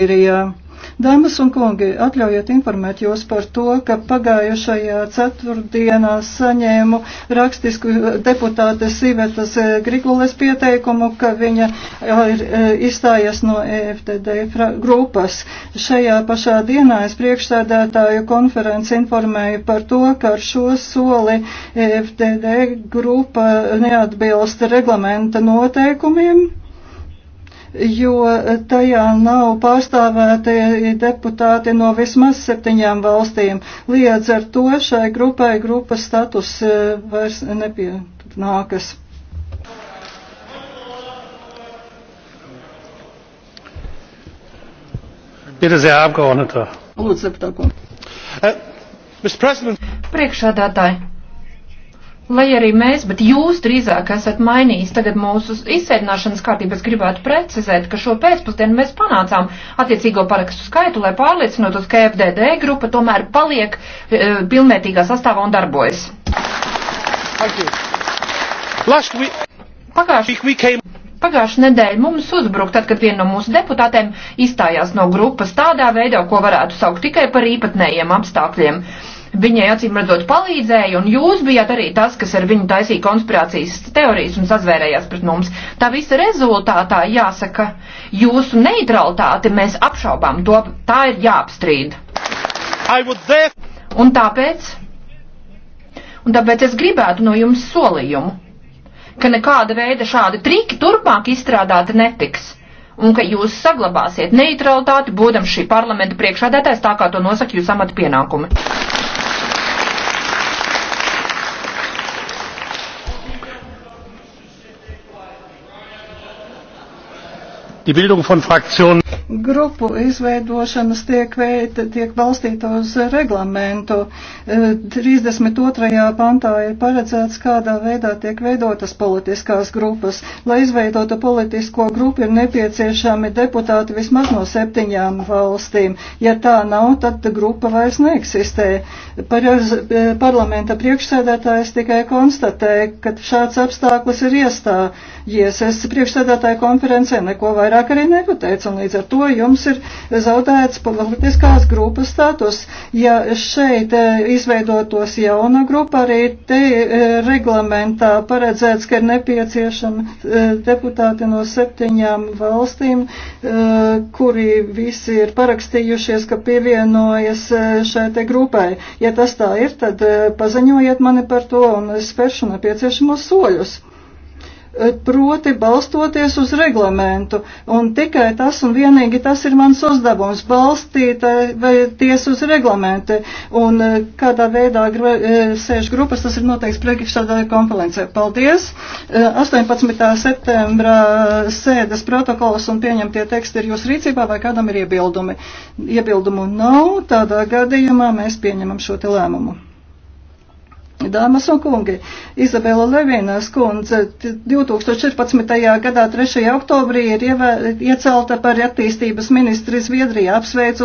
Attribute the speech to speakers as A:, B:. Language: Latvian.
A: Sīrijā. Dāmas un kungi, atļaujiet informēt jūs par to, ka pagājušajā ceturtdienā saņēmu rakstisku deputātes Sivetas Grigules pieteikumu, ka viņa ir izstājies no EFTD grupas. Šajā pašā dienā es priekšsēdētāju konferenci informēju par to, ka ar šo soli EFTD grupa neatbilst reglamenta noteikumiem jo tajā nav pārstāvēti deputāti no vismaz septiņām valstīm. Liedz ar to šai grupai grupas status e, vairs nepienākas.
B: Lūdzu, deputāko. Äh, Priekšādātāji. Lai arī mēs, bet jūs drīzāk esat mainījis tagad mūsu izsēdināšanas kārtības, gribētu precizēt, ka šo pēcpusdienu mēs panācām attiecīgo parakstu skaitu, lai pārliecinotos, ka FDD grupa tomēr paliek e, pilnvērtīgā sastāvā un darbojas. Pagājuši, pagājuši nedēļu mums uzbruk, tad, kad viena no mūsu deputātēm izstājās no grupas tādā veidā, ko varētu saukt tikai par īpatnējiem apstākļiem. Uh, Viņai acīm redzot palīdzēja, un jūs bijāt arī tas, kas ar viņu taisīja konspirācijas teorijas un sazvērējās pret mums. Tā visa rezultātā jāsaka, jūsu neutralitāti mēs apšaubām to, tā ir jāapstrīd. Un tāpēc, un tāpēc es gribētu no jums solījumu, ka nekāda veida šādi triki turpmāk izstrādāti netiks un ka jūs saglabāsiet neutralitāti, būdams šī parlamenta priekšādētājs, tā kā to nosaka jūs amata pienākumi. die bildung von fraktionen
A: grupu izveidošanas tiek, veid, tiek balstīta uz reglamentu. 32. E, pantā ir paredzēts, kādā veidā tiek veidotas politiskās grupas. Lai izveidotu politisko grupu, ir nepieciešami deputāti vismaz no septiņām valstīm. Ja tā nav, tad grupa vairs neeksistē. Par, e, parlamenta priekšsēdētājs tikai konstatē, ka šāds apstākļus ir iestājies. Es priekšsēdētāju konferencē neko vairāk arī nepateicu, un līdz ar to to jums ir zaudēts politiskās grupas status. Ja šeit eh, izveidotos jauna grupa, arī te eh, reglamentā paredzēts, ka ir nepieciešama eh, deputāti no septiņām valstīm, kuri visi ir parakstījušies, ka pievienojas šai te grupai. Ja tas tā ir, tad paziņojiet mani par to un es spēršu nepieciešamos soļus proti balstoties uz reglamentu. Un tikai tas un vienīgi tas ir mans uzdevums - balstīties eh, uz reglamentu. Un eh, kādā veidā eh, sēž grupas, tas ir noteikts priekšsādāja konferencē. Paldies! 18. septembra sēdes protokols un pieņemtie teksti ir jūsu rīcībā vai kādam ir iebildumi. Iebildumu nav, tādā gadījumā mēs pieņemam šo te lēmumu. Dāmas un kungi, Izabela Levinas kundze 2014. gadā 3. oktobrī ir iecelta par attīstības ministri Zviedrijā apsveicu.